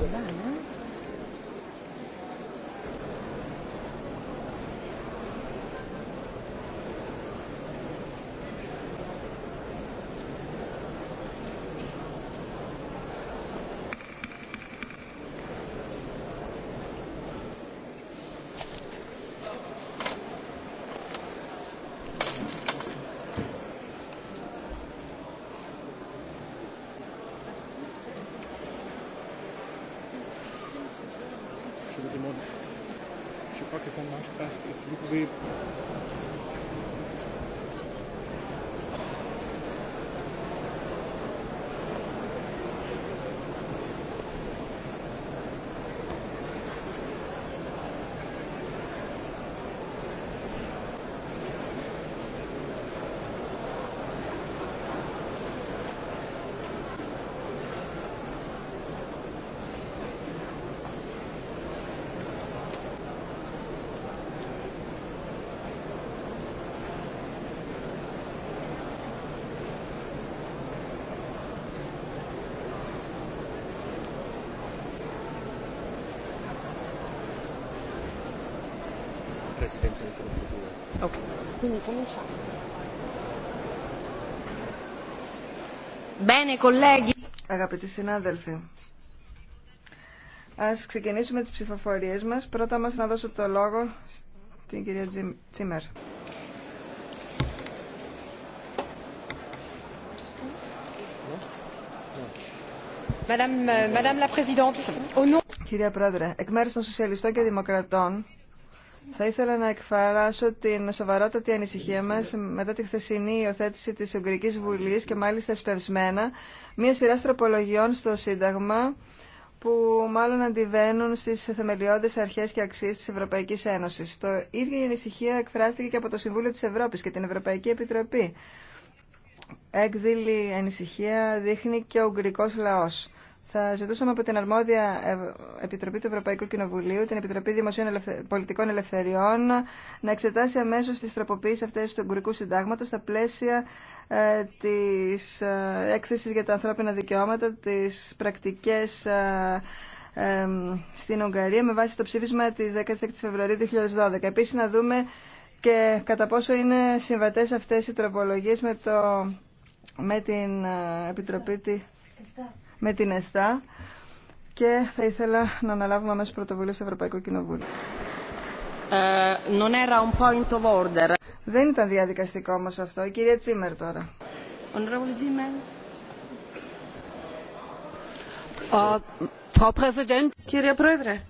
Δεν. ναι. ότι Αγαπητοί συνάδελφοι, ας ξεκινήσουμε τις ψηφοφορίες μας. Πρώτα μας να δώσω το λόγο στην κυρία Τσίμερ. Euh, κυρία Πρόεδρε, εκ μέρους των Σοσιαλιστών και Δημοκρατών θα ήθελα να εκφράσω την σοβαρότατη ανησυχία μας μετά τη χθεσινή υιοθέτηση της Ουγγρική Βουλής και μάλιστα σπευσμένα μια σειρά τροπολογιών στο Σύνταγμα που μάλλον αντιβαίνουν στις θεμελιώδει αρχές και αξίες της Ευρωπαϊκής Ένωσης. Το ίδιο η ανησυχία εκφράστηκε και από το Συμβούλιο της Ευρώπη και την Ευρωπαϊκή Επιτροπή. Έκδηλη ανησυχία δείχνει και ο Ουγγρικό λαός θα ζητούσαμε από την αρμόδια ε, Επιτροπή του Ευρωπαϊκού Κοινοβουλίου, την Επιτροπή Δημοσίων Πολιτικών Ελευθεριών, να εξετάσει αμέσως τις τροποποίησεις αυτές του Ουγγρικού Συντάγματο, στα πλαίσια ε, της ε, έκθεσης για τα ανθρώπινα δικαιώματα, τις πρακτικές ε, στην Ουγγαρία με βάση το ψήφισμα της 16 Φεβρουαρίου 2012. Επίση να δούμε και κατά πόσο είναι συμβατέ αυτέ οι τροπολογίε με, το, με την Επιτροπή με την ΕΣΤΑ και θα ήθελα να αναλάβουμε αμέσως πρωτοβουλία στο Ευρωπαϊκό Κοινοβούλιο. Ε, non era un point of order. Δεν ήταν διαδικαστικό όμως αυτό. Η κυρία Τσίμερ τώρα. Κύριε Πρόεδρε,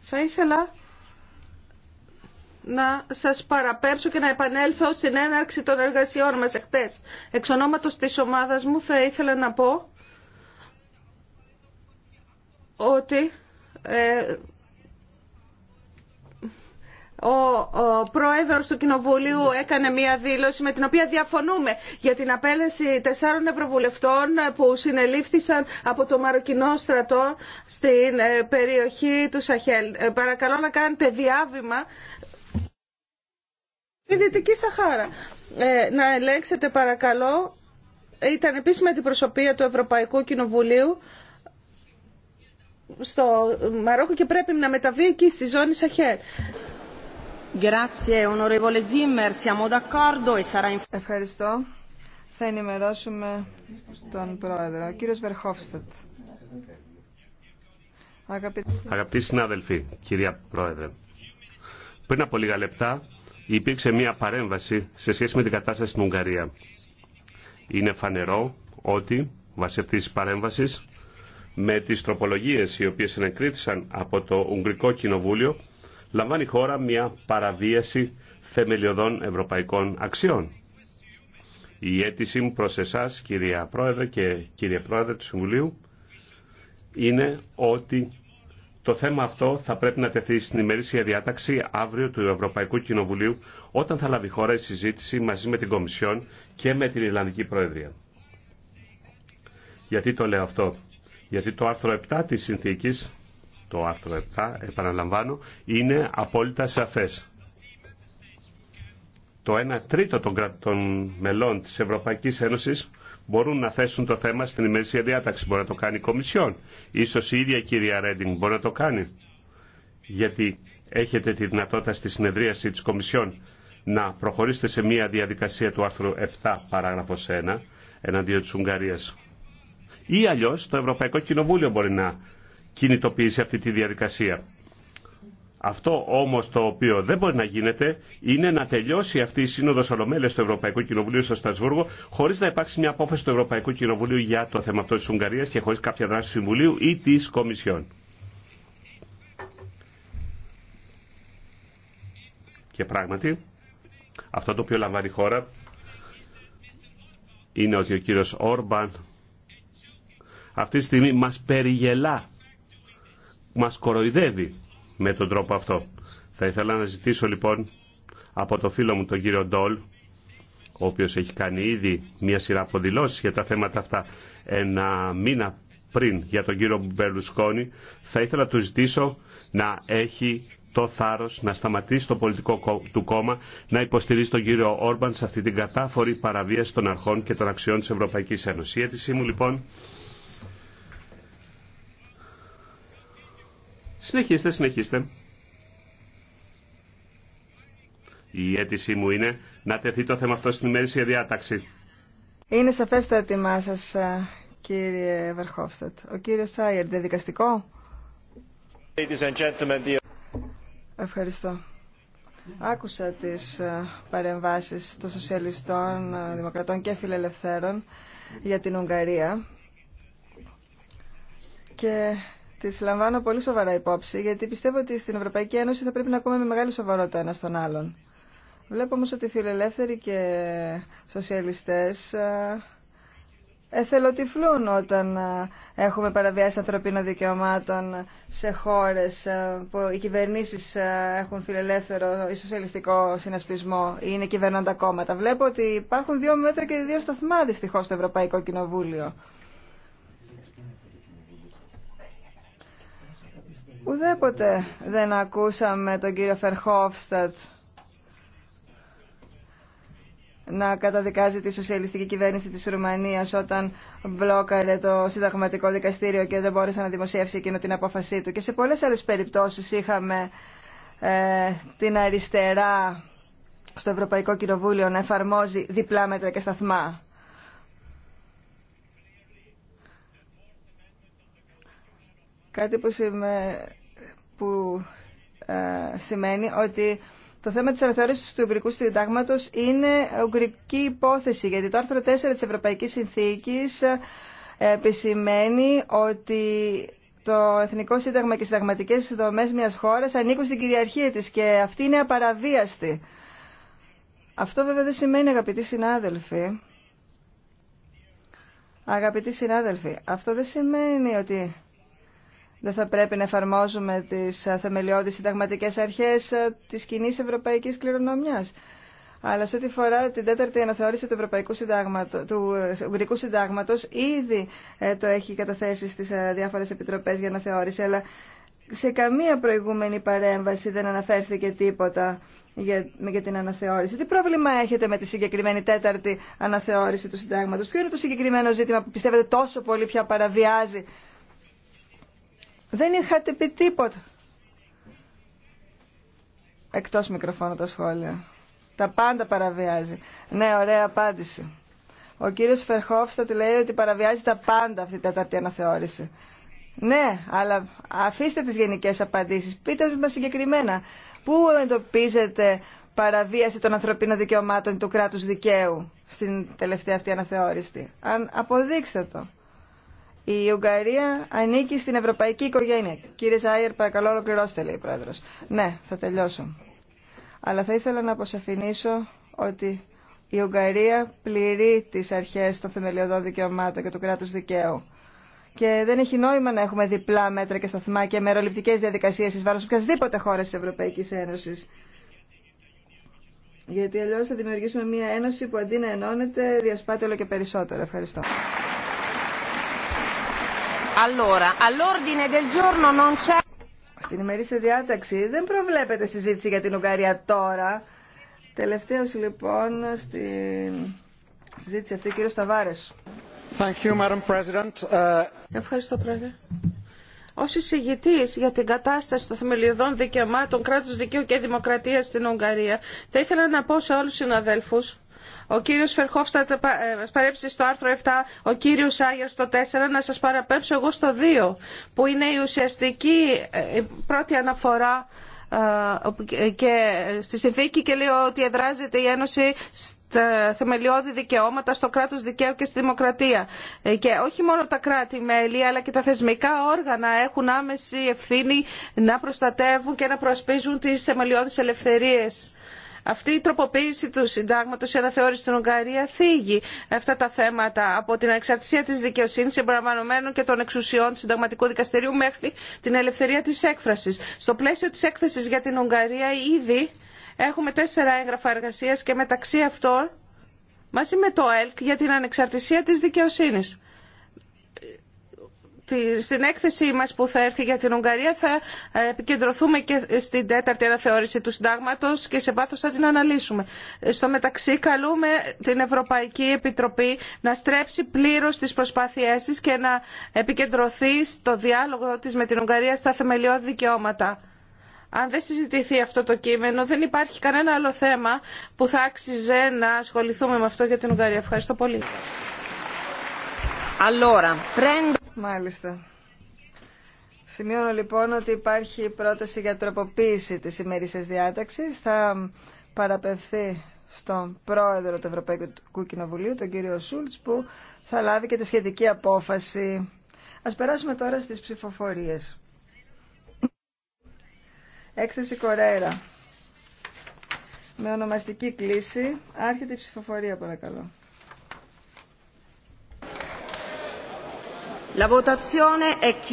θα ήθελα να σας παραπέμψω και να επανέλθω στην έναρξη των εργασιών μας Εκτές, Εξ ονόματος της ομάδας μου θα ήθελα να πω ότι ε, ο πρόεδρος του Κοινοβουλίου έκανε μία δήλωση με την οποία διαφωνούμε για την απέλευση τεσσάρων ευρωβουλευτών που συνελήφθησαν από το Μαροκινό στρατό στην ε, περιοχή του Σαχέλ. Ε, παρακαλώ να κάνετε διάβημα η Δυτική Σαχάρα. Να ελέγξετε παρακαλώ. Ήταν επίσημα την προσωπία του Ευρωπαϊκού Κοινοβουλίου στο Μαρόκο και πρέπει να μεταβεί εκεί στη ζώνη Σαχέλ. E Ευχαριστώ. Θα ενημερώσουμε τον Πρόεδρο. Ο κύριος Βερχόφστατ. Αγαπητοί συνάδελφοι, κυρία Πρόεδρε, πριν από λίγα λεπτά υπήρξε μια παρέμβαση σε σχέση με την κατάσταση στην Ουγγαρία. Είναι φανερό ότι, βάσει παρέμβασης, με τις τροπολογίες οι οποίες συνεκρίθησαν από το Ουγγρικό Κοινοβούλιο λαμβάνει η χώρα μια παραβίαση θεμελιωδών ευρωπαϊκών αξιών. Η αίτησή μου προς εσάς, κυρία Πρόεδρε και κύριε Πρόεδρε του Συμβουλίου, είναι ότι το θέμα αυτό θα πρέπει να τεθεί στην ημερήσια διάταξη αύριο του Ευρωπαϊκού Κοινοβουλίου όταν θα λάβει χώρα η συζήτηση μαζί με την Κομισιόν και με την Ιρλανδική Προεδρία. Γιατί το λέω αυτό γιατί το άρθρο 7 της συνθήκης, το άρθρο 7, επαναλαμβάνω, είναι απόλυτα σαφές. Το 1 τρίτο των κρατών μελών της Ευρωπαϊκής Ένωσης μπορούν να θέσουν το θέμα στην ημερήσια διάταξη. Μπορεί να το κάνει η Κομισιόν. Ίσως η ίδια κυρία Ρέντινγκ μπορεί να το κάνει. Γιατί έχετε τη δυνατότητα στη συνεδρίαση της Κομισιόν να προχωρήσετε σε μια διαδικασία του άρθρου 7 παράγραφος 1 εναντίον της Ουγγαρίας ή αλλιώς το Ευρωπαϊκό Κοινοβούλιο μπορεί να κινητοποιήσει αυτή τη διαδικασία. Αυτό όμως το οποίο δεν μπορεί να γίνεται είναι να τελειώσει αυτή η Σύνοδος Ολομέλειας του Ευρωπαϊκού Κοινοβουλίου στο Στασβούργο χωρίς να υπάρξει μια να τελειωσει αυτη η συνοδος ολομελεια του Ευρωπαϊκού Κοινοβουλίου για το θέμα αυτό της Ουγγαρίας και χωρίς κάποια δράση του Συμβουλίου ή της Κομισιόν. Και πράγματι, αυτό το οποίο λαμβάνει η χώρα είναι ότι ο κύριος Όρμπαν αυτή τη στιγμή μας περιγελά, μας κοροϊδεύει με τον τρόπο αυτό. Θα ήθελα να ζητήσω λοιπόν από το φίλο μου τον κύριο Ντόλ, ο οποίος έχει κάνει ήδη μια σειρά από για τα θέματα αυτά ένα μήνα πριν για τον κύριο Μπερλουσκόνη, θα ήθελα να του ζητήσω να έχει το θάρρος να σταματήσει το πολιτικό του κόμμα να υποστηρίζει τον κύριο Όρμπαν σε αυτή την κατάφορη παραβίαση των αρχών και των αξιών της Ευρωπαϊκής Ένωσης. Η αίτησή μου λοιπόν Συνεχίστε, συνεχίστε. Η αίτησή μου είναι να τεθεί το θέμα αυτό στην ημερήσια διάταξη. Είναι σαφές το έτοιμά σας, ε, κύριε Βερχόφστατ. Ο κύριος Σάιερ, διαδικαστικό. Ευχαριστώ. Άκουσα τις ε, παρεμβάσεις των σοσιαλιστών, ε, δημοκρατών και φιλελευθέρων για την Ουγγαρία και Τη λαμβάνω πολύ σοβαρά υπόψη, γιατί πιστεύω ότι στην Ευρωπαϊκή Ένωση θα πρέπει να ακούμε με μεγάλη σοβαρότητα ένα τον άλλον. Βλέπω όμω ότι οι φιλελεύθεροι και σοσιαλιστέ εθελοτυφλούν όταν έχουμε παραβιάσει ανθρωπίνων δικαιωμάτων σε χώρε που οι κυβερνήσει έχουν φιλελεύθερο ή σοσιαλιστικό συνασπισμό ή είναι κυβερνώντα κόμματα. Βλέπω ότι υπάρχουν δύο μέτρα και δύο σταθμά δυστυχώ στο Ευρωπαϊκό Κοινοβούλιο. Ουδέποτε δεν ακούσαμε τον κύριο Φερχόφστατ να καταδικάζει τη σοσιαλιστική κυβέρνηση της Ρουμανίας όταν μπλόκαρε το συνταγματικό δικαστήριο και δεν μπόρεσε να δημοσιεύσει εκείνο την απόφασή του. Και σε πολλές άλλες περιπτώσεις είχαμε ε, την αριστερά στο Ευρωπαϊκό Κοινοβούλιο να εφαρμόζει διπλά μέτρα και σταθμά. Κάτι που, σημαίνει, που ε, σημαίνει ότι το θέμα της αναθεώρησης του Ουγγρικού Συντάγματος είναι ουγγρική υπόθεση, γιατί το άρθρο 4 της Ευρωπαϊκής Συνθήκης ε, επισημαίνει ότι το Εθνικό Σύνταγμα και οι συνταγματικές δομές μιας χώρας ανήκουν στην κυριαρχία της και αυτή είναι απαραβίαστη. Αυτό βέβαια δεν σημαίνει, αγαπητοί συνάδελφοι, αγαπητοί συνάδελφοι, αυτό δεν σημαίνει ότι δεν θα πρέπει να εφαρμόζουμε τις ε, θεμελιώδεις συνταγματικές αρχές ε, της κοινή ευρωπαϊκής κληρονομιάς. Αλλά σε ό,τι φορά την τέταρτη αναθεώρηση του, Ευρωπαϊκού Συντάγματο, του ε, Ουγγρικού Συντάγματος, ήδη το έχει καταθέσει στις διάφορες επιτροπές για αναθεώρηση, αλλά σε καμία προηγούμενη παρέμβαση δεν αναφέρθηκε τίποτα για, για την αναθεώρηση. Τι πρόβλημα έχετε με τη συγκεκριμένη τέταρτη αναθεώρηση του συντάγματος. Ποιο είναι το συγκεκριμένο ζήτημα που πιστεύετε τόσο πολύ πια παραβιάζει δεν είχατε πει τίποτα. Εκτός μικροφώνου τα σχόλια. Τα πάντα παραβιάζει. Ναι, ωραία απάντηση. Ο κύριος Φερχόφστατ λέει ότι παραβιάζει τα πάντα αυτή η τέταρτη αναθεώρηση. Ναι, αλλά αφήστε τις γενικές απαντήσεις. Πείτε μας συγκεκριμένα. Πού εντοπίζετε παραβίαση των ανθρωπίνων δικαιωμάτων του κράτους δικαίου στην τελευταία αυτή αναθεώρηση. Αν αποδείξτε το. Η Ουγγαρία ανήκει στην ευρωπαϊκή οικογένεια. Κύριε Ζάιερ, παρακαλώ ολοκληρώστε, λέει η πρόεδρο. Ναι, θα τελειώσω. Αλλά θα ήθελα να αποσαφηνίσω ότι η Ουγγαρία πληρεί τι αρχέ των θεμελιωδών δικαιωμάτων και του κράτου δικαίου. Και δεν έχει νόημα να έχουμε διπλά μέτρα και σταθμά και μεροληπτικέ διαδικασίε ει βάρο οποιασδήποτε χώρα τη Ευρωπαϊκή Ένωση. Γιατί αλλιώ θα δημιουργήσουμε μια ένωση που αντί να ενώνεται διασπάται όλο και περισσότερο. Ευχαριστώ. Στην ημερήσια διάταξη δεν προβλέπεται συζήτηση για την Ουγγαρία τώρα. Τελευταίο, λοιπόν στη συζήτηση αυτή, κύριο Σταβάρες. Uh, Ευχαριστώ, Πρόεδρε. Ω εισηγητή για την κατάσταση των θεμελιωδών δικαιωμάτων, κράτου δικαίου και δημοκρατία στην Ουγγαρία, θα ήθελα να πω σε όλου του συναδέλφου ο κύριος Φερχόφστατ ε, μα παρέψει στο άρθρο 7, ο κύριο Άγερ στο 4, να σα παραπέμψω εγώ στο 2, που είναι η ουσιαστική ε, πρώτη αναφορά ε, στη συνθήκη και λέει ότι εδράζεται η Ένωση στα θεμελιώδη δικαιώματα, στο κράτος δικαίου και στη δημοκρατία. Και όχι μόνο τα κράτη-μέλη, αλλά και τα θεσμικά όργανα έχουν άμεση ευθύνη να προστατεύουν και να προασπίζουν τις θεμελιώδεις ελευθερίες αυτή η τροποποίηση του συντάγματο, η αναθεώρηση στην Ουγγαρία, θίγει αυτά τα θέματα από την ανεξαρτησία τη δικαιοσύνη εμπεραμβανομένων και των εξουσιών του Συνταγματικού Δικαστηρίου μέχρι την ελευθερία τη έκφραση. Στο πλαίσιο τη έκθεση για την Ουγγαρία, ήδη έχουμε τέσσερα έγγραφα εργασία και μεταξύ αυτών μαζί με το ΕΛΚ για την ανεξαρτησία τη δικαιοσύνη στην έκθεσή μας που θα έρθει για την Ουγγαρία θα επικεντρωθούμε και στην τέταρτη αναθεώρηση του συντάγματος και σε βάθος θα την αναλύσουμε. Στο μεταξύ καλούμε την Ευρωπαϊκή Επιτροπή να στρέψει πλήρως τις προσπάθειές της και να επικεντρωθεί στο διάλογο της με την Ουγγαρία στα θεμελιώδη δικαιώματα. Αν δεν συζητηθεί αυτό το κείμενο, δεν υπάρχει κανένα άλλο θέμα που θα άξιζε να ασχοληθούμε με αυτό για την Ουγγαρία. Ευχαριστώ πολύ. Allora, prendo... Μάλιστα. Σημειώνω λοιπόν ότι υπάρχει πρόταση για τροποποίηση της ημερήσιας διάταξης. Θα παραπευθεί στον πρόεδρο του Ευρωπαϊκού Κοινοβουλίου, τον κύριο Σούλτς, που θα λάβει και τη σχετική απόφαση. Ας περάσουμε τώρα στις ψηφοφορίες. Έκθεση Κορέρα. Με ονομαστική κλίση. Άρχεται η ψηφοφορία, παρακαλώ. La votazione è